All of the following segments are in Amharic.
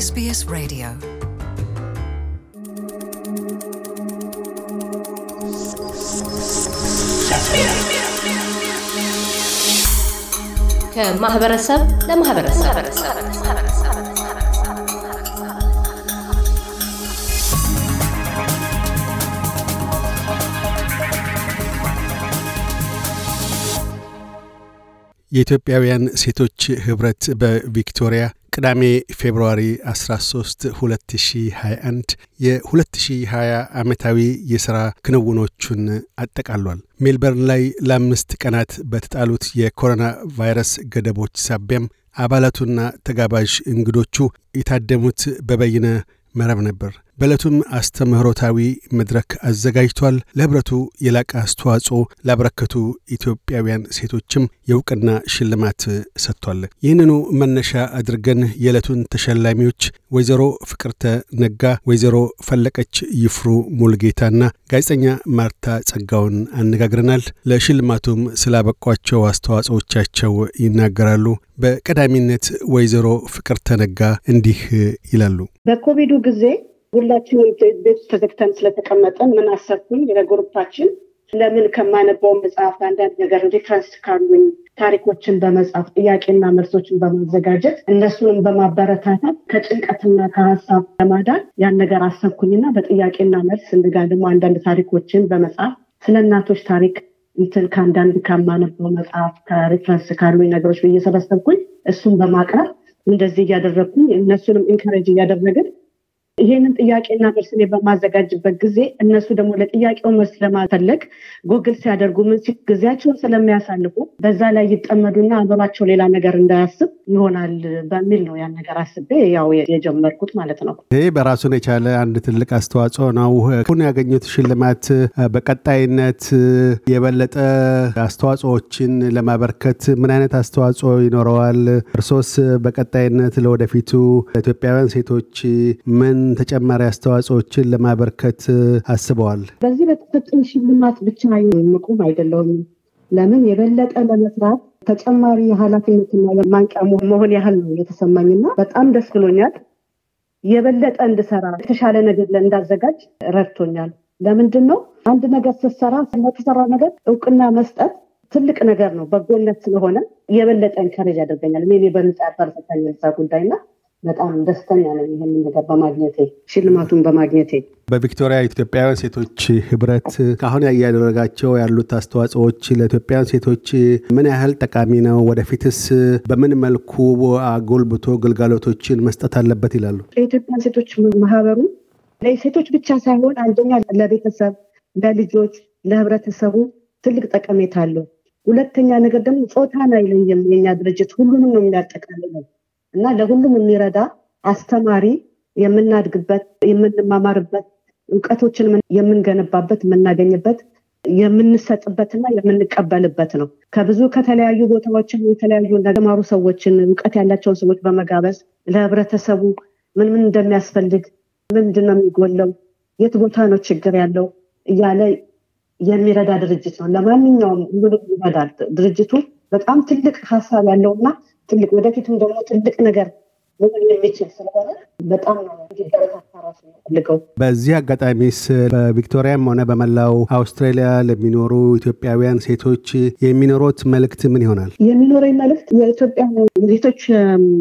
SBS Radio ከማህበረሰብ ለማህበረሰብ የኢትዮጵያውያን ሴቶች ህብረት በቪክቶሪያ ቅዳሜ ፌብርዋሪ 13 2021 የ2020 ዓመታዊ የሥራ ክንውኖቹን አጠቃሏል። ሜልበርን ላይ ለአምስት ቀናት በተጣሉት የኮሮና ቫይረስ ገደቦች ሳቢያም አባላቱና ተጋባዥ እንግዶቹ የታደሙት በበይነ መረብ ነበር። በዕለቱም አስተምህሮታዊ መድረክ አዘጋጅቷል። ለህብረቱ የላቀ አስተዋጽኦ ላበረከቱ ኢትዮጵያውያን ሴቶችም የእውቅና ሽልማት ሰጥቷል። ይህንኑ መነሻ አድርገን የዕለቱን ተሸላሚዎች ወይዘሮ ፍቅርተ ነጋ፣ ወይዘሮ ፈለቀች ይፍሩ ሙልጌታና ጋዜጠኛ ማርታ ጸጋውን አነጋግረናል። ለሽልማቱም ስላበቋቸው አስተዋጽኦቻቸው ይናገራሉ። በቀዳሚነት ወይዘሮ ፍቅርተ ነጋ እንዲህ ይላሉ። በኮቪዱ ጊዜ ሁላችንም ቤት ተዘግተን ስለተቀመጠን ምን አሰብኩኝ ለግሩፓችን ለምን ከማነበው መጽሐፍ አንዳንድ ነገር ሪፈረንስ ካሉኝ ታሪኮችን በመጻፍ ጥያቄና መልሶችን በማዘጋጀት እነሱንም በማበረታታት ከጭንቀትና ከሀሳብ ለማዳን ያን ነገር አሰብኩኝና በጥያቄና መልስ እንደጋ ደግሞ አንዳንድ ታሪኮችን በመጻፍ ስለ እናቶች ታሪክ እንትን ከአንዳንድ ከማነበው መጽሐፍ ከሪፈረንስ ካሉኝ ነገሮች ብዬ እሱን በማቅረብ እንደዚህ እያደረግኩኝ እነሱንም ኢንካሬጅ እያደረግን ይህንን ጥያቄና መልስ እኔ በማዘጋጅበት ጊዜ እነሱ ደግሞ ለጥያቄው መልስ ለማፈለግ ጎግል ሲያደርጉ ምን ሲል ጊዜያቸውን ስለሚያሳልፉ በዛ ላይ ይጠመዱና አእምሯቸው ሌላ ነገር እንዳያስብ ይሆናል በሚል ነው ያን ነገር አስቤ ያው የጀመርኩት ማለት ነው። ይህ በራሱን የቻለ አንድ ትልቅ አስተዋጽኦ ነው። አሁን ያገኙት ሽልማት በቀጣይነት የበለጠ አስተዋጽኦዎችን ለማበርከት ምን አይነት አስተዋጽኦ ይኖረዋል? እርሶስ በቀጣይነት ለወደፊቱ ኢትዮጵያውያን ሴቶች ምን ተጨማሪ አስተዋጽኦችን ለማበርከት አስበዋል? በዚህ በተሰጠኝ ሽልማት ብቻ ምቁም አይደለውም። ለምን የበለጠ ለመስራት ተጨማሪ ኃላፊነትና ማንቂያ መሆን ያህል ነው የተሰማኝና በጣም ደስ ብሎኛል። የበለጠ እንድሰራ የተሻለ ነገር እንዳዘጋጅ ረድቶኛል። ለምንድን ነው አንድ ነገር ስትሰራ ለተሰራ ነገር እውቅና መስጠት ትልቅ ነገር ነው። በጎነት ስለሆነ የበለጠ ኢንካሬጅ ያደርገኛል። እኔ በነጻ ጉዳይ ጉዳይና በጣም ደስተኛ ነኝ ይህን ነገር በማግኘቴ ሽልማቱን በማግኘቴ። በቪክቶሪያ ኢትዮጵያውያን ሴቶች ህብረት ከአሁን እያደረጋቸው ያሉት አስተዋጽኦዎች ለኢትዮጵያውያን ሴቶች ምን ያህል ጠቃሚ ነው? ወደፊትስ በምን መልኩ አጎልብቶ ግልጋሎቶችን መስጠት አለበት ይላሉ? የኢትዮጵያን ሴቶች ማህበሩ ለሴቶች ብቻ ሳይሆን አንደኛ ለቤተሰብ፣ ለልጆች፣ ለህብረተሰቡ ትልቅ ጠቀሜታ አለው። ሁለተኛ ነገር ደግሞ ጾታን አይለይም። የኛ ድርጅት ሁሉንም ነው የሚያጠቃልለው እና ለሁሉም የሚረዳ አስተማሪ የምናድግበት የምንማማርበት እውቀቶችን የምንገነባበት የምናገኝበት የምንሰጥበትና የምንቀበልበት ነው ከብዙ ከተለያዩ ቦታዎችን የተለያዩ ተማሩ ሰዎችን እውቀት ያላቸውን ሰዎች በመጋበዝ ለህብረተሰቡ ምን ምን እንደሚያስፈልግ ምንድን ነው የሚጎለው የት ቦታ ነው ችግር ያለው እያለ የሚረዳ ድርጅት ነው ለማንኛውም ሁሉም ይረዳል ድርጅቱ በጣም ትልቅ ሀሳብ ያለውና ትልቅ ወደፊትም ደግሞ ትልቅ ነገር የሚችል ስለሆነ በጣም በዚህ አጋጣሚስ በቪክቶሪያም ሆነ በመላው አውስትራሊያ ለሚኖሩ ኢትዮጵያውያን ሴቶች የሚኖሩት መልእክት ምን ይሆናል? የሚኖረኝ መልእክት የኢትዮጵያ ሴቶች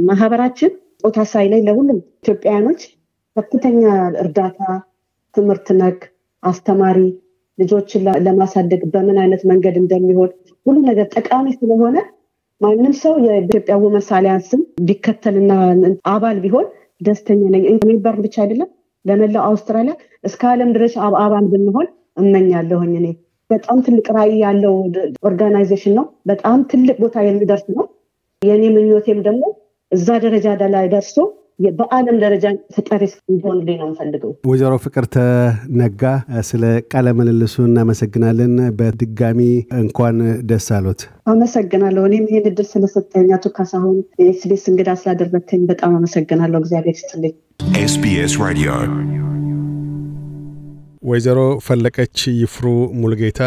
ማህበራችን ጾታ ላይ ለሁሉም ኢትዮጵያውያኖች ከፍተኛ እርዳታ፣ ትምህርት ነክ አስተማሪ፣ ልጆችን ለማሳደግ በምን አይነት መንገድ እንደሚሆን ሁሉ ነገር ጠቃሚ ስለሆነ ማንም ሰው የኢትዮጵያ ውመንስ አሊያንስም ቢከተልና አባል ቢሆን ደስተኛ ነኝ። ሜምበር ብቻ አይደለም ለመላው አውስትራሊያ እስከ ዓለም ድረሻ አባል ብንሆን እመኛለሁኝ። እኔ በጣም ትልቅ ራዕይ ያለው ኦርጋናይዜሽን ነው። በጣም ትልቅ ቦታ የሚደርስ ነው። የእኔ ምኞቴም ደግሞ እዛ ደረጃ ላይ ደርሶ በአለም ደረጃ ፈጣሪ እንዲሆንልኝ ነው የምፈልገው። ወይዘሮ ፍቅርተ ነጋ ስለ ቃለ ምልልሱ እናመሰግናለን። በድጋሚ እንኳን ደስ አሎት። አመሰግናለሁ። እኔም ይህን እድል ስለሰጠኝ አቶ ካሳሁን፣ ኤስቢኤስ እንግዳ ስላደረግከኝ በጣም አመሰግናለሁ። እግዚአብሔር ይስጥልኝ። ኤስቢኤስ ራዲዮ ወይዘሮ ፈለቀች ይፍሩ ሙልጌታ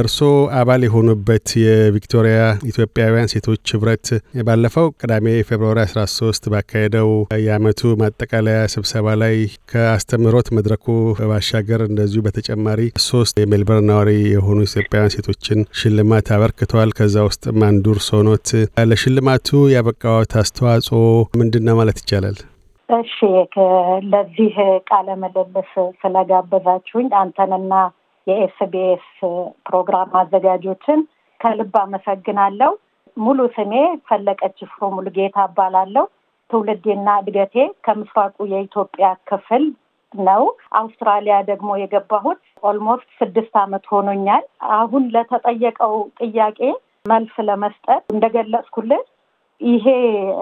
እርስዎ አባል የሆኑበት የቪክቶሪያ ኢትዮጵያውያን ሴቶች ህብረት ባለፈው ቅዳሜ ፌብርዋሪ 13 ባካሄደው የአመቱ ማጠቃለያ ስብሰባ ላይ ከአስተምህሮት መድረኩ ባሻገር እንደዚሁ በተጨማሪ ሶስት የሜልበርን ነዋሪ የሆኑ ኢትዮጵያውያን ሴቶችን ሽልማት አበርክተዋል። ከዛ ውስጥም ማንዱር እርስዎ ለሽልማቱ ያበቃዎት አስተዋጽኦ ምንድን ነው ማለት ይቻላል? እሺ ለዚህ ቃለ ምልልስ ስለጋበዛችሁኝ አንተንና የኤስቢኤስ ፕሮግራም አዘጋጆችን ከልብ አመሰግናለሁ። ሙሉ ስሜ ፈለቀች ፍሮ ሙሉጌታ እባላለሁ። ትውልዴና እድገቴ ከምስራቁ የኢትዮጵያ ክፍል ነው። አውስትራሊያ ደግሞ የገባሁት ኦልሞስት ስድስት ዓመት ሆኖኛል። አሁን ለተጠየቀው ጥያቄ መልስ ለመስጠት እንደገለጽኩልህ ይሄ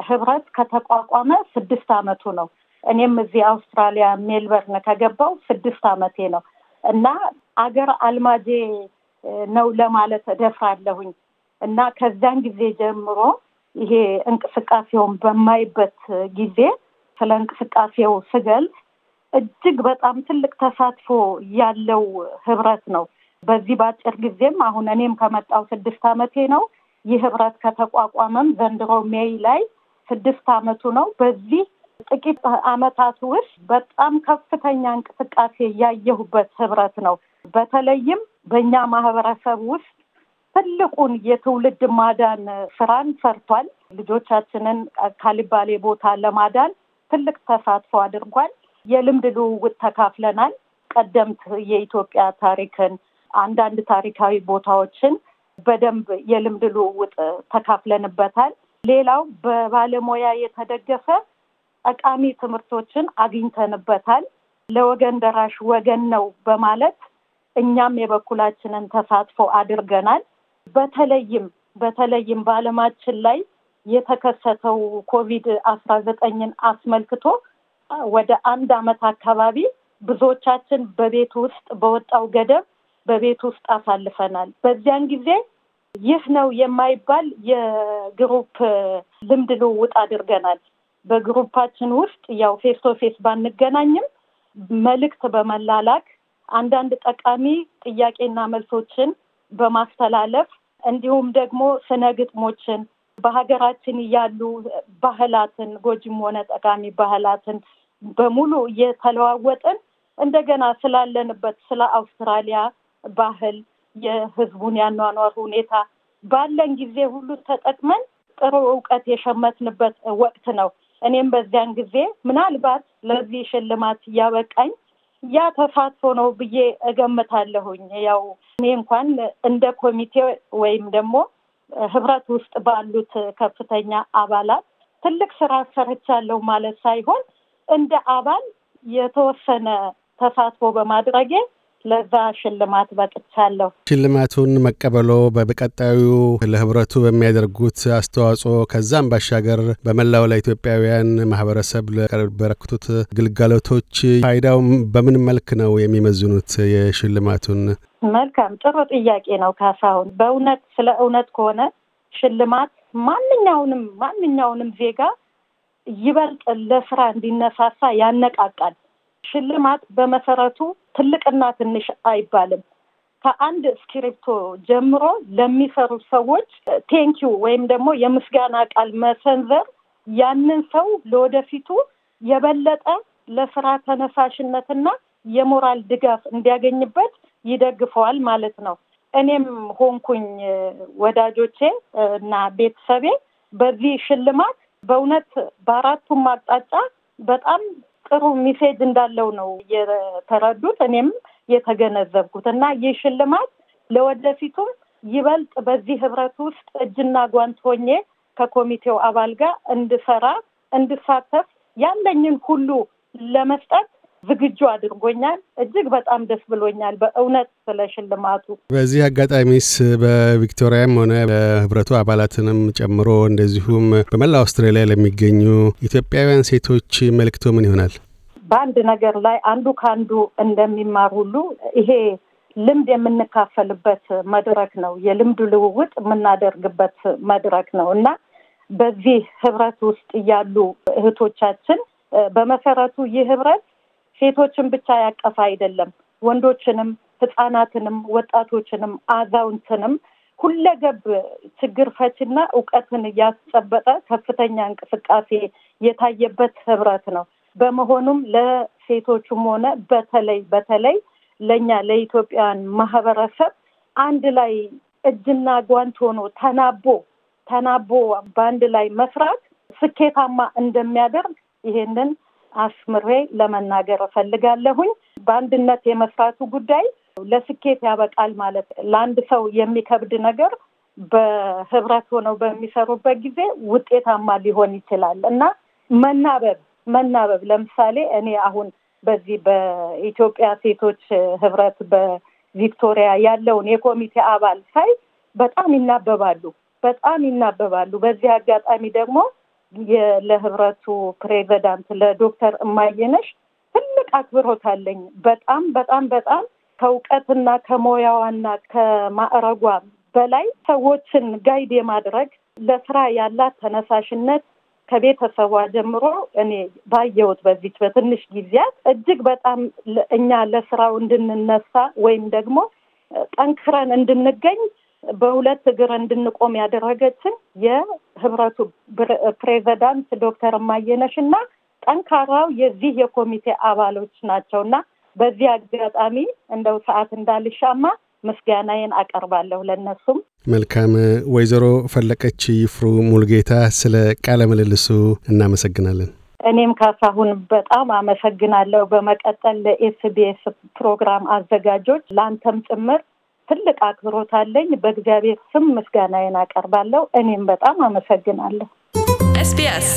ህብረት ከተቋቋመ ስድስት አመቱ ነው። እኔም እዚህ አውስትራሊያ ሜልበርን ከገባው ስድስት አመቴ ነው እና አገር አልማጄ ነው ለማለት እደፍራለሁኝ እና ከዚያን ጊዜ ጀምሮ ይሄ እንቅስቃሴውን በማይበት ጊዜ ስለ እንቅስቃሴው ስገልጽ እጅግ በጣም ትልቅ ተሳትፎ ያለው ህብረት ነው። በዚህ በአጭር ጊዜም አሁን እኔም ከመጣው ስድስት አመቴ ነው ይህ ህብረት ከተቋቋመም ዘንድሮ ሜይ ላይ ስድስት አመቱ ነው። በዚህ ጥቂት አመታት ውስጥ በጣም ከፍተኛ እንቅስቃሴ ያየሁበት ህብረት ነው። በተለይም በእኛ ማህበረሰብ ውስጥ ትልቁን የትውልድ ማዳን ስራን ሰርቷል። ልጆቻችንን ካልባሌ ቦታ ለማዳን ትልቅ ተሳትፎ አድርጓል። የልምድ ልውውጥ ተካፍለናል። ቀደምት የኢትዮጵያ ታሪክን፣ አንዳንድ ታሪካዊ ቦታዎችን በደንብ የልምድ ልውውጥ ተካፍለንበታል። ሌላው በባለሙያ የተደገፈ ጠቃሚ ትምህርቶችን አግኝተንበታል። ለወገን ደራሽ ወገን ነው በማለት እኛም የበኩላችንን ተሳትፎ አድርገናል። በተለይም በተለይም በዓለማችን ላይ የተከሰተው ኮቪድ አስራ ዘጠኝን አስመልክቶ ወደ አንድ ዓመት አካባቢ ብዙዎቻችን በቤት ውስጥ በወጣው ገደብ በቤት ውስጥ አሳልፈናል። በዚያን ጊዜ ይህ ነው የማይባል የግሩፕ ልምድ ልውውጥ አድርገናል። በግሩፓችን ውስጥ ያው ፌስ ቶ ፌስ ባንገናኝም መልእክት በመላላክ አንዳንድ ጠቃሚ ጥያቄና መልሶችን በማስተላለፍ እንዲሁም ደግሞ ስነ ግጥሞችን በሀገራችን ያሉ ባህላትን ጎጂም ሆነ ጠቃሚ ባህላትን በሙሉ እየተለዋወጥን እንደገና ስላለንበት ስለ አውስትራሊያ ባህል፣ የህዝቡን ያኗኗር ሁኔታ ባለን ጊዜ ሁሉ ተጠቅመን ጥሩ እውቀት የሸመትንበት ወቅት ነው። እኔም በዚያን ጊዜ ምናልባት ለዚህ ሽልማት እያበቃኝ ያ ተሳትፎ ነው ብዬ እገምታለሁኝ። ያው እኔ እንኳን እንደ ኮሚቴ ወይም ደግሞ ህብረት ውስጥ ባሉት ከፍተኛ አባላት ትልቅ ስራ ሰርቻለሁ ማለት ሳይሆን እንደ አባል የተወሰነ ተሳትፎ በማድረጌ ለዛ ሽልማት በቅቻለሁ። ሽልማቱን መቀበሎ በቀጣዩ ለህብረቱ በሚያደርጉት አስተዋጽኦ ከዛም ባሻገር በመላው ለኢትዮጵያውያን ማህበረሰብ ለበረክቱት ግልጋሎቶች ፋይዳው በምን መልክ ነው የሚመዝኑት? የሽልማቱን መልካም ጥሩ ጥያቄ ነው ካሳሁን። በእውነት ስለ እውነት ከሆነ ሽልማት ማንኛውንም ማንኛውንም ዜጋ ይበልጥ ለስራ እንዲነሳሳ ያነቃቃል። ሽልማት በመሰረቱ ትልቅና ትንሽ አይባልም። ከአንድ እስክሪፕቶ ጀምሮ ለሚሰሩ ሰዎች ቴንኪዩ ወይም ደግሞ የምስጋና ቃል መሰንዘር ያንን ሰው ለወደፊቱ የበለጠ ለስራ ተነሳሽነትና የሞራል ድጋፍ እንዲያገኝበት ይደግፈዋል ማለት ነው። እኔም ሆንኩኝ ወዳጆቼ እና ቤተሰቤ በዚህ ሽልማት በእውነት በአራቱም አቅጣጫ በጣም ጥሩ ሚሴጅ እንዳለው ነው የተረዱት፣ እኔም የተገነዘብኩት እና ይህ ሽልማት ለወደፊቱም ይበልጥ በዚህ ህብረት ውስጥ እጅና ጓንት ሆኜ ከኮሚቴው አባል ጋር እንድሰራ እንድሳተፍ ያለኝን ሁሉ ለመስጠት ዝግጁ አድርጎኛል። እጅግ በጣም ደስ ብሎኛል በእውነት ስለ ሽልማቱ። በዚህ አጋጣሚስ በቪክቶሪያም ሆነ በህብረቱ አባላትንም ጨምሮ እንደዚሁም በመላ አውስትራሊያ ለሚገኙ ኢትዮጵያውያን ሴቶች መልእክቶ ምን ይሆናል? በአንድ ነገር ላይ አንዱ ከአንዱ እንደሚማር ሁሉ ይሄ ልምድ የምንካፈልበት መድረክ ነው። የልምድ ልውውጥ የምናደርግበት መድረክ ነው እና በዚህ ህብረት ውስጥ ያሉ እህቶቻችን በመሰረቱ ይህ ህብረት ሴቶችን ብቻ ያቀፈ አይደለም። ወንዶችንም፣ ህጻናትንም፣ ወጣቶችንም፣ አዛውንትንም ሁለገብ ችግር ፈችና እውቀትን እያስጨበጠ ከፍተኛ እንቅስቃሴ የታየበት ህብረት ነው። በመሆኑም ለሴቶቹም ሆነ በተለይ በተለይ ለእኛ ለኢትዮጵያን ማህበረሰብ አንድ ላይ እጅና ጓንት ሆኖ ተናቦ ተናቦ በአንድ ላይ መስራት ስኬታማ እንደሚያደርግ ይሄንን አስምሬ ለመናገር እፈልጋለሁኝ። በአንድነት የመስራቱ ጉዳይ ለስኬት ያበቃል ማለት ለአንድ ሰው የሚከብድ ነገር በህብረት ሆነው በሚሰሩበት ጊዜ ውጤታማ ሊሆን ይችላል እና መናበብ መናበብ ለምሳሌ እኔ አሁን በዚህ በኢትዮጵያ ሴቶች ህብረት በቪክቶሪያ ያለውን የኮሚቴ አባል ሳይ በጣም ይናበባሉ በጣም ይናበባሉ። በዚህ አጋጣሚ ደግሞ ለህብረቱ ፕሬዚዳንት ለዶክተር እማየነሽ ትልቅ አክብሮት አለኝ። በጣም በጣም በጣም ከእውቀትና ከሞያዋና ከማዕረጓ በላይ ሰዎችን ጋይድ የማድረግ ለስራ ያላት ተነሳሽነት ከቤተሰቧ ጀምሮ እኔ ባየሁት በዚች በትንሽ ጊዜያት እጅግ በጣም እኛ ለስራው እንድንነሳ ወይም ደግሞ ጠንክረን እንድንገኝ በሁለት እግር እንድንቆም ያደረገችን የህብረቱ ፕሬዚዳንት ዶክተር ማየነሽ እና ጠንካራው የዚህ የኮሚቴ አባሎች ናቸው እና በዚህ አጋጣሚ እንደው ሰዓት እንዳልሻማ ምስጋናዬን አቀርባለሁ ለነሱም መልካም ወይዘሮ ፈለቀች ይፍሩ ሙልጌታ ስለ ቃለ ምልልሱ እናመሰግናለን። እኔም ካሳሁን በጣም አመሰግናለሁ። በመቀጠል ለኤስቢኤስ ፕሮግራም አዘጋጆች ለአንተም ጭምር ትልቅ አክብሮት አለኝ። በእግዚአብሔር ስም ምስጋናዬን አቀርባለሁ። እኔም በጣም አመሰግናለሁ። SBS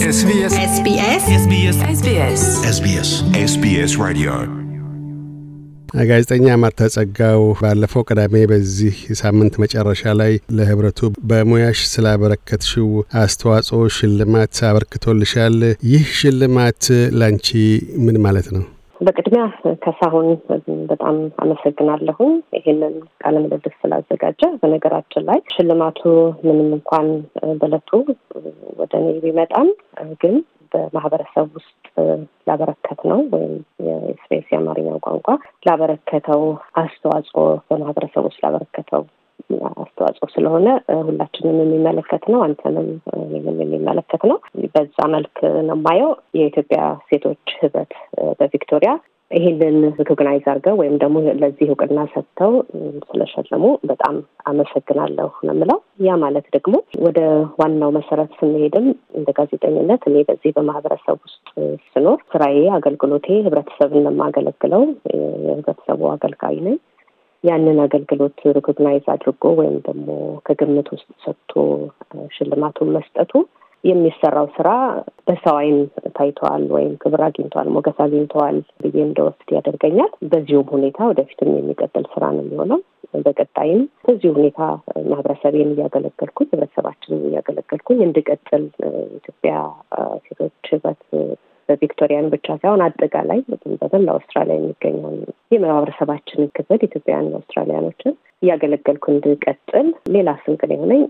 ራዲዮ ጋዜጠኛ ማርታ ጸጋው ባለፈው ቅዳሜ በዚህ ሳምንት መጨረሻ ላይ ለህብረቱ በሙያሽ ስላበረከትሽው አስተዋጽኦ ሽልማት አበርክቶልሻል። ይህ ሽልማት ላንቺ ምን ማለት ነው? በቅድሚያ ከሳሁን በጣም አመሰግናለሁኝ ይህንን ቃለ ምልልስ ስላዘጋጀ። በነገራችን ላይ ሽልማቱ ምንም እንኳን በለቱ ወደ እኔ ቢመጣም ግን በማህበረሰብ ውስጥ ላበረከት ነው ወይም የስፔስ የአማርኛው ቋንቋ ላበረከተው አስተዋጽኦ በማህበረሰብ ውስጥ ላበረከተው አስተዋጽኦ ስለሆነ ሁላችንም የሚመለከት ነው። አንተንም የሚመለከት ነው። በዛ መልክ ነው የማየው። የኢትዮጵያ ሴቶች ህብረት በቪክቶሪያ ይህንን ሪኮግናይዝ አድርገው ወይም ደግሞ ለዚህ እውቅና ሰጥተው ስለሸለሙ በጣም አመሰግናለሁ ነው የምለው። ያ ማለት ደግሞ ወደ ዋናው መሰረት ስንሄድም እንደ ጋዜጠኝነት እኔ በዚህ በማህበረሰብ ውስጥ ስኖር ስራዬ፣ አገልግሎቴ ህብረተሰብን የማገለግለው የህብረተሰቡ አገልጋይ ነኝ። ያንን አገልግሎት ሪኮግናይዝ አድርጎ ወይም ደግሞ ከግምት ውስጥ ሰጥቶ ሽልማቱን መስጠቱ የሚሰራው ስራ በሰው ዓይን ታይተዋል ወይም ክብር አግኝተዋል፣ ሞገስ አግኝተዋል ብዬ እንደወስድ ያደርገኛል። በዚሁም ሁኔታ ወደፊትም የሚቀጥል ስራ ነው የሚሆነው። በቀጣይም በዚሁ ሁኔታ ማህበረሰቤን እያገለገልኩኝ፣ ህብረተሰባችንን እያገለገልኩኝ እንድቀጥል ኢትዮጵያ ሴቶች ህብረት በቪክቶሪያን ብቻ ሳይሆን አጠቃላይ በተመሳሰል አውስትራሊያ የሚገኘውን የማህበረሰባችንን ክፍል ኢትዮጵያውያን አውስትራሊያኖችን እያገለገልኩ እንድቀጥል ሌላ ስንቅል የሆነኝ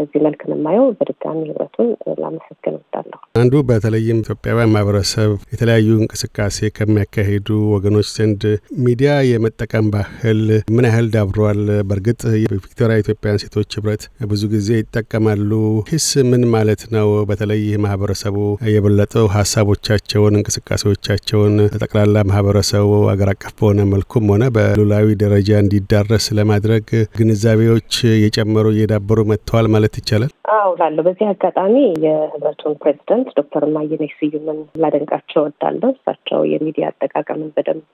በዚህ መልክ የምናየው በድጋሚ ህብረቱን ላመሰግን እወዳለሁ። አንዱ በተለይም ኢትዮጵያውያን ማህበረሰብ የተለያዩ እንቅስቃሴ ከሚያካሂዱ ወገኖች ዘንድ ሚዲያ የመጠቀም ባህል ምን ያህል ዳብሯል? በእርግጥ የቪክቶሪያ ኢትዮጵያውያን ሴቶች ህብረት ብዙ ጊዜ ይጠቀማሉ። ሂስ ምን ማለት ነው? በተለይ ማህበረሰቡ የበለጠው ሀሳቦቻቸውን፣ እንቅስቃሴዎቻቸውን ጠቅላላ ማህበረሰቡ አገር አቀፍ በሆነ መልኩም ሆነ በሉላዊ ደረጃ እንዲዳረስ ለማድረግ ግንዛቤዎች የጨመሩ እየዳበሩ መጥተዋል ማለት ማለት ይቻላል? አዎ ላለው በዚህ አጋጣሚ የህብረቱን ፕሬዚደንት ዶክተር ማየነሽ ስዩምን ላደንቃቸው እወዳለሁ። እሳቸው የሚዲያ አጠቃቀምን በደንብ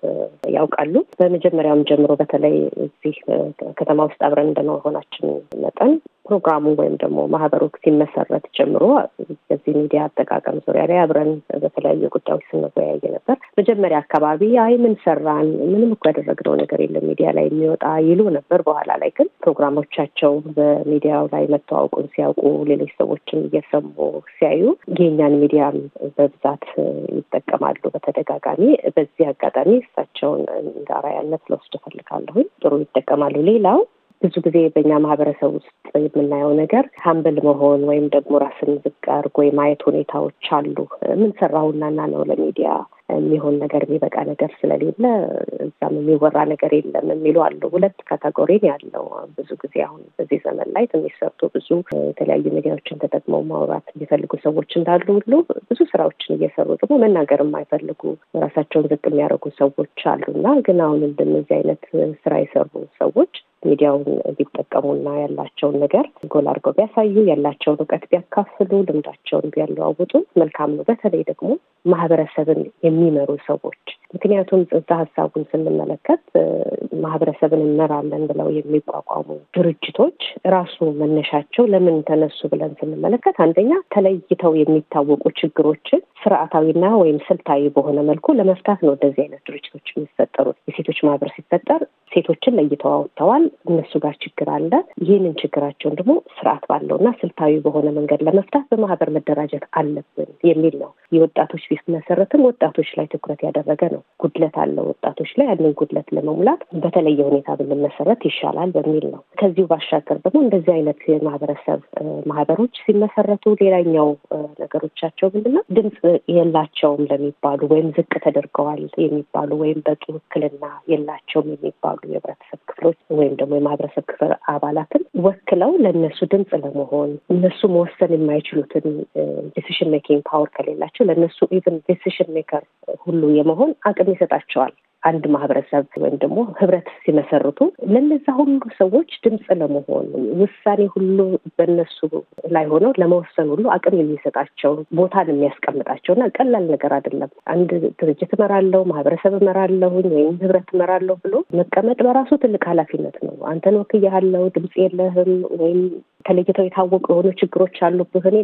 ያውቃሉ። በመጀመሪያውም ጀምሮ በተለይ እዚህ ከተማ ውስጥ አብረን እንደመሆናችን መጠን ፕሮግራሙ ወይም ደግሞ ማህበሩ ሲመሰረት ጀምሮ በዚህ ሚዲያ አጠቃቀም ዙሪያ ላይ አብረን በተለያዩ ጉዳዮች ስንወያየ ነበር። መጀመሪያ አካባቢ አይ ምን ሰራን፣ ምንም እኮ ያደረግነው ነገር የለም ሚዲያ ላይ የሚወጣ ይሉ ነበር። በኋላ ላይ ግን ፕሮግራሞቻቸው በሚዲያው ላይ መተዋወቁን ሲያውቁ፣ ሌሎች ሰዎችም እየሰሙ ሲያዩ የእኛን ሚዲያም በብዛት ይጠቀማሉ በተደጋጋሚ። በዚህ አጋጣሚ እሳቸውን እንደ አርአያነት ልወስድ እፈልጋለሁኝ። ጥሩ ይጠቀማሉ። ሌላው ብዙ ጊዜ በእኛ ማህበረሰብ ውስጥ የምናየው ነገር ሀምብል መሆን ወይም ደግሞ ራስን ዝቅ አድርጎ የማየት ሁኔታዎች አሉ። ምን ነው ለሚዲያ የሚሆን ነገር የሚበቃ ነገር ስለሌለ እዛም የሚወራ ነገር የለም የሚሉ አሉ። ሁለት ካታጎሪ ያለው ብዙ ጊዜ አሁን በዚህ ዘመን ላይ ትንሽ ሰርቶ ብዙ የተለያዩ ሚዲያዎችን ተጠቅመው ማውራት የሚፈልጉ ሰዎች እንዳሉ ሁሉ ብዙ ስራዎችን እየሰሩ ደግሞ መናገር የማይፈልጉ ራሳቸውን ዝቅ የሚያደርጉ ሰዎች አሉና ግን አሁን እንደነዚህ አይነት ስራ የሰሩ ሰዎች ሚዲያውን ቢጠቀሙና ያላቸውን ነገር ጎላ አድርገው ቢያሳዩ፣ ያላቸውን እውቀት ቢያካፍሉ፣ ልምዳቸውን ቢያለዋውጡ መልካም ነው። በተለይ ደግሞ ማህበረሰብን የሚመሩ ሰዎች። ምክንያቱም ጽንሰ ሀሳቡን ስንመለከት ማህበረሰብን እንመራለን ብለው የሚቋቋሙ ድርጅቶች ራሱ መነሻቸው ለምን ተነሱ ብለን ስንመለከት አንደኛ ተለይተው የሚታወቁ ችግሮችን ስርዓታዊና ወይም ስልታዊ በሆነ መልኩ ለመፍታት ነው። እንደዚህ አይነት ድርጅቶች የሚፈጠሩት የሴቶች ማህበር ሲፈጠር ሴቶችን ለይተው አውጥተዋል። እነሱ ጋር ችግር አለ። ይህንን ችግራቸውን ደግሞ ስርዓት ባለውና ስልታዊ በሆነ መንገድ ለመፍታት በማህበር መደራጀት አለብን የሚል ነው። የወጣቶች መሰረትም ወጣቶች ላይ ትኩረት ያደረገ ነው። ጉድለት አለው ወጣቶች ላይ ያንን ጉድለት ለመሙላት በተለየ ሁኔታ ብንመሰረት ይሻላል በሚል ነው። ከዚሁ ባሻገር ደግሞ እንደዚህ አይነት የማህበረሰብ ማህበሮች ሲመሰረቱ ሌላኛው ነገሮቻቸው ምንድነው? ድምፅ የላቸውም ለሚባሉ ወይም ዝቅ ተደርገዋል የሚባሉ ወይም በቂ ውክልና የላቸውም የሚባሉ የህብረተሰብ ክፍሎች ወይም ደግሞ የማህበረሰብ ክፍል አባላትን ወክለው ለእነሱ ድምፅ ለመሆን እነሱ መወሰን የማይችሉትን ዲሲሽን ሜኪንግ ፓወር ከሌላቸው ለእነሱ ኢቨን ዲሲሽን ሜከር ሁሉ የመሆን አቅም ይሰጣቸዋል። አንድ ማህበረሰብ ወይም ደግሞ ህብረት ሲመሰርቱ ለነዛ ሁሉ ሰዎች ድምፅ ለመሆን ውሳኔ ሁሉ በነሱ ላይ ሆነው ለመወሰን ሁሉ አቅም የሚሰጣቸው ቦታን የሚያስቀምጣቸው እና ቀላል ነገር አይደለም። አንድ ድርጅት እመራለሁ፣ ማህበረሰብ እመራለሁኝ ወይም ህብረት እመራለሁ ብሎ መቀመጥ በራሱ ትልቅ ኃላፊነት ነው። አንተን ወክያለሁ፣ ድምፅ የለህም ወይም ተለይተው የታወቁ የሆኑ ችግሮች አሉብህ፣ እኔ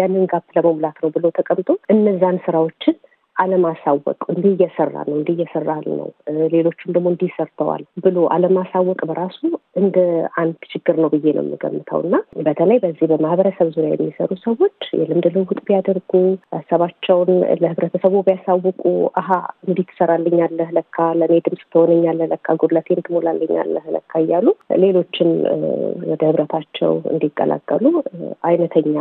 ያንን ጋፕ ለመሙላት ነው ብሎ ተቀምጦ እነዛን ስራዎችን አለማሳወቅ እንዲህ እየሰራ ነው እንዲህ እየሰራ ነው ሌሎችም ደግሞ እንዲህ ሰርተዋል ብሎ አለማሳወቅ በራሱ እንደ አንድ ችግር ነው ብዬ ነው የምገምተው እና በተለይ በዚህ በማህበረሰብ ዙሪያ የሚሰሩ ሰዎች የልምድ ልውውጥ ቢያደርጉ ሀሳባቸውን ለህብረተሰቡ ቢያሳውቁ አሀ እንዲህ ትሰራልኛለህ ለካ ለእኔ ድምፅ ትሆነኛለህ ለካ ጉድለቴን ትሞላልኛለህ ለካ እያሉ ሌሎችን ወደ ህብረታቸው እንዲቀላቀሉ አይነተኛ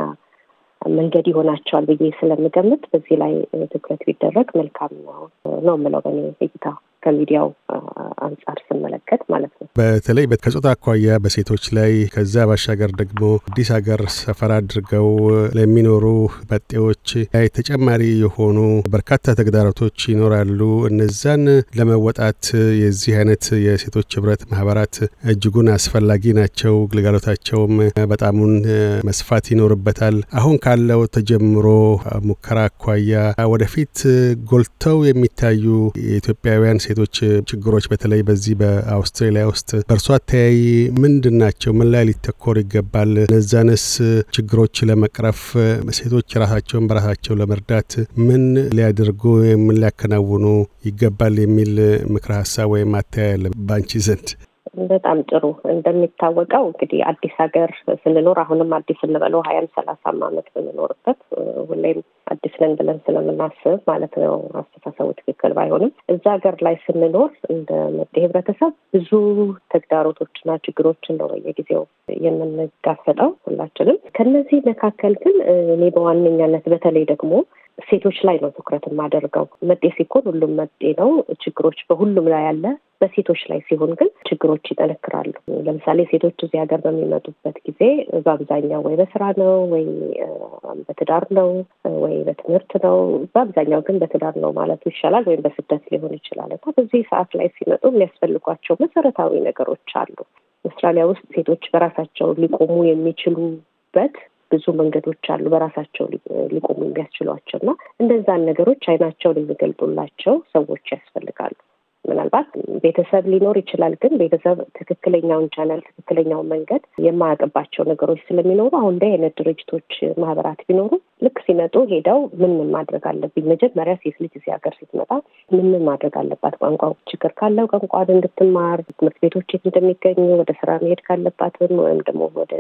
መንገድ ይሆናቸዋል ብዬ ስለምገምት በዚህ ላይ ትኩረት ቢደረግ መልካም ነው ነው የምለው በእኔ እይታ። ከሚዲያው አንጻር ስመለከት ማለት ነው። በተለይ ከጾታ አኳያ በሴቶች ላይ ከዛ ባሻገር ደግሞ አዲስ ሀገር ሰፈር አድርገው ለሚኖሩ በጤዎች ላይ ተጨማሪ የሆኑ በርካታ ተግዳሮቶች ይኖራሉ። እነዛን ለመወጣት የዚህ አይነት የሴቶች ህብረት ማህበራት እጅጉን አስፈላጊ ናቸው። ግልጋሎታቸውም በጣሙን መስፋት ይኖርበታል። አሁን ካለው ተጀምሮ ሙከራ አኳያ ወደፊት ጎልተው የሚታዩ የኢትዮጵያውያን ሴቶች ችግሮች በተለይ በዚህ በአውስትራሊያ ውስጥ በእርሷ አተያይ ምንድን ናቸው? ምን ላይ ሊተኮር ይገባል? እነዛንስ ችግሮች ለመቅረፍ ሴቶች ራሳቸውን በራሳቸው ለመርዳት ምን ሊያደርጉ ምን ሊያከናውኑ ይገባል የሚል ምክረ ሀሳብ ወይም አተያይ አለ በአንቺ ዘንድ? በጣም ጥሩ። እንደሚታወቀው እንግዲህ አዲስ ሀገር ስንኖር አሁንም አዲስ እንበለው ሀያም ሰላሳም ዓመት ብንኖርበት ሁሌም አዲስ ነን ብለን ስለምናስብ ማለት ነው አስተሳሰቡ ትክክል ባይሆንም እዛ ሀገር ላይ ስንኖር እንደ መጤ ህብረተሰብ ብዙ ተግዳሮቶችና ችግሮችን ነው በየጊዜው የምንጋፈጠው ሁላችንም። ከነዚህ መካከል ግን እኔ በዋነኛነት በተለይ ደግሞ ሴቶች ላይ ነው ትኩረት የማደርገው። መጤ ሲኮን ሁሉም መጤ ነው። ችግሮች በሁሉም ላይ ያለ በሴቶች ላይ ሲሆን ግን ችግሮች ይጠነክራሉ። ለምሳሌ ሴቶች እዚህ ሀገር በሚመጡበት ጊዜ በአብዛኛው ወይ በስራ ነው ወይ በትዳር ነው ወይ በትምህርት ነው። በአብዛኛው ግን በትዳር ነው ማለቱ ይሻላል፣ ወይም በስደት ሊሆን ይችላል እና በዚህ ሰዓት ላይ ሲመጡ የሚያስፈልጓቸው መሰረታዊ ነገሮች አሉ። አውስትራሊያ ውስጥ ሴቶች በራሳቸው ሊቆሙ የሚችሉበት ብዙ መንገዶች አሉ በራሳቸው ሊቆሙ የሚያስችሏቸው እና እንደዛን ነገሮች አይናቸውን የሚገልጡላቸው ሰዎች ያስፈልጋሉ። ምናልባት ቤተሰብ ሊኖር ይችላል። ግን ቤተሰብ ትክክለኛውን ቻናል ትክክለኛውን መንገድ የማያውቅባቸው ነገሮች ስለሚኖሩ አሁን ላይ አይነት ድርጅቶች ማህበራት ቢኖሩ ልክ ሲመጡ ሄደው ምን ምን ማድረግ አለብኝ፣ መጀመሪያ ሴት ልጅ እዚህ ሀገር ስትመጣ ምን ምን ማድረግ አለባት፣ ቋንቋ ችግር ካለው ቋንቋን እንድትማር፣ ትምህርት ቤቶች የት እንደሚገኙ፣ ወደ ስራ መሄድ ካለባት ወይም ደግሞ ወደ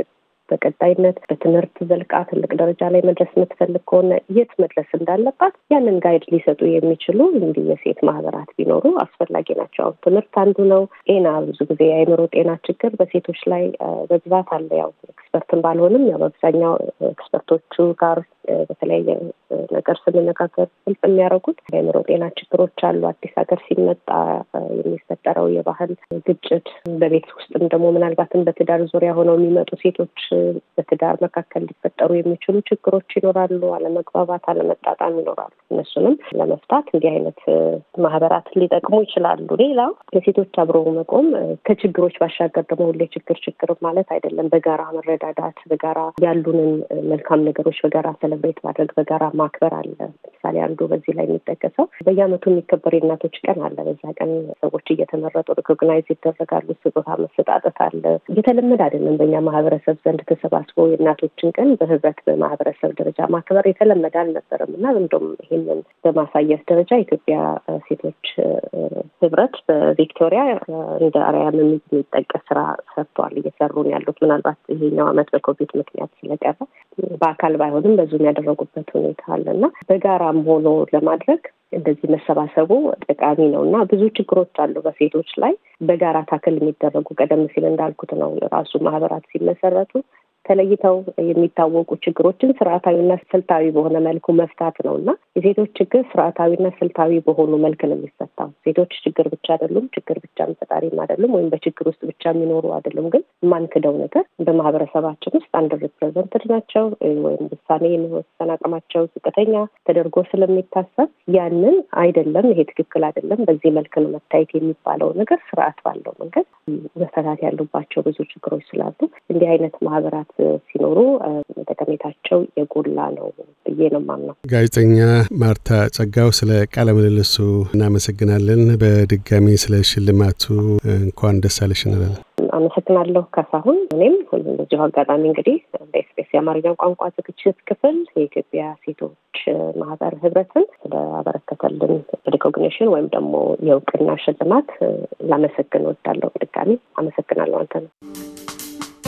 በቀጣይነት በትምህርት ዘልቃ ትልቅ ደረጃ ላይ መድረስ የምትፈልግ ከሆነ የት መድረስ እንዳለባት ያንን ጋይድ ሊሰጡ የሚችሉ እንዲህ የሴት ማህበራት ቢኖሩ አስፈላጊ ናቸው። አሁን ትምህርት አንዱ ነው። ጤና ብዙ ጊዜ የአይምሮ ጤና ችግር በሴቶች ላይ በብዛት አለ። ያው ኤክስፐርትን ባልሆንም ያው በአብዛኛው ኤክስፐርቶቹ ጋር በተለያየ ነገር ስንነጋገር ግልጽ የሚያደርጉት የአእምሮ ጤና ችግሮች አሉ። አዲስ ሀገር ሲመጣ የሚፈጠረው የባህል ግጭት፣ በቤት ውስጥም ደግሞ ምናልባትም በትዳር ዙሪያ ሆነው የሚመጡ ሴቶች በትዳር መካከል ሊፈጠሩ የሚችሉ ችግሮች ይኖራሉ። አለመግባባት፣ አለመጣጣም ይኖራሉ። እነሱንም ለመፍታት እንዲህ አይነት ማህበራት ሊጠቅሙ ይችላሉ። ሌላው ለሴቶች አብሮ መቆም ከችግሮች ባሻገር ደግሞ ሁሌ ችግር ችግር ማለት አይደለም። በጋራ መረዳዳት፣ በጋራ ያሉንን መልካም ነገሮች በጋራ ሰለብሬት ማድረግ፣ በጋራ ማክበር አለ። ለምሳሌ አንዱ በዚህ ላይ የሚጠቀሰው በየአመቱ የሚከበር የእናቶች ቀን አለ። በዛ ቀን ሰዎች እየተመረጡ ሪኮግናይዝ ይደረጋሉ። ስጦታ መሰጣጠት አለ። እየተለመደ አይደለም። በኛ ማህበረሰብ ዘንድ ተሰባስቦ የእናቶችን ቀን በህብረት በማህበረሰብ ደረጃ ማክበር የተለመደ አልነበረም እና እንደም ይህንን በማሳየት ደረጃ ኢትዮጵያ ሴቶች ህብረት በቪክቶሪያ እንደ አርአያ የሚጠቀስ ስራ ሰርተዋል፣ እየሰሩን ያሉት። ምናልባት ይሄኛው አመት በኮቪድ ምክንያት ስለቀረ በአካል ባይሆንም በዙም ያደረጉበት ሁኔታ አለ እና በጋራም ሆኖ ለማድረግ እንደዚህ መሰባሰቡ ጠቃሚ ነው እና ብዙ ችግሮች አሉ በሴቶች ላይ በጋራ ታክል የሚደረጉ ቀደም ሲል እንዳልኩት ነው ራሱ ማህበራት ሲመሰረቱ ተለይተው የሚታወቁ ችግሮችን ስርዓታዊና ስልታዊ በሆነ መልኩ መፍታት ነው እና የሴቶች ችግር ስርዓታዊና ስልታዊ በሆኑ መልክ ነው የሚፈታው። ሴቶች ችግር ብቻ አይደሉም፣ ችግር ብቻም ፈጣሪም አይደሉም፣ ወይም በችግር ውስጥ ብቻ የሚኖሩ አይደሉም። ግን ማንክደው ነገር በማህበረሰባችን ውስጥ አንድ ሪፕሬዘንትድ ናቸው ወይም ውሳኔ የመወሰን አቅማቸው ዝቅተኛ ተደርጎ ስለሚታሰብ ያንን አይደለም፣ ይሄ ትክክል አይደለም፣ በዚህ መልክ ነው መታየት የሚባለው ነገር ስርዓት ባለው መንገድ መፈታት ያሉባቸው ብዙ ችግሮች ስላሉ እንዲህ አይነት ማህበራት ሲኖሩ ጠቀሜታቸው የጎላ ነው ብዬ ነው የማምነው። ጋዜጠኛ ማርታ ጸጋው ስለ ቃለ ምልልሱ እናመሰግናለን። በድጋሚ ስለ ሽልማቱ እንኳን ደስ አለሽ እንላለን። አመሰግናለሁ ካሳሁን። እኔም በዚሁ አጋጣሚ እንግዲህ በኤስቢኤስ የአማርኛ ቋንቋ ዝግጅት ክፍል የኢትዮጵያ ሴቶች ማህበር ህብረትን ስለአበረከተልን ሪኮግኒሽን ወይም ደግሞ የእውቅና ሽልማት ላመሰግን ወዳለው። በድጋሚ አመሰግናለሁ አንተ ነው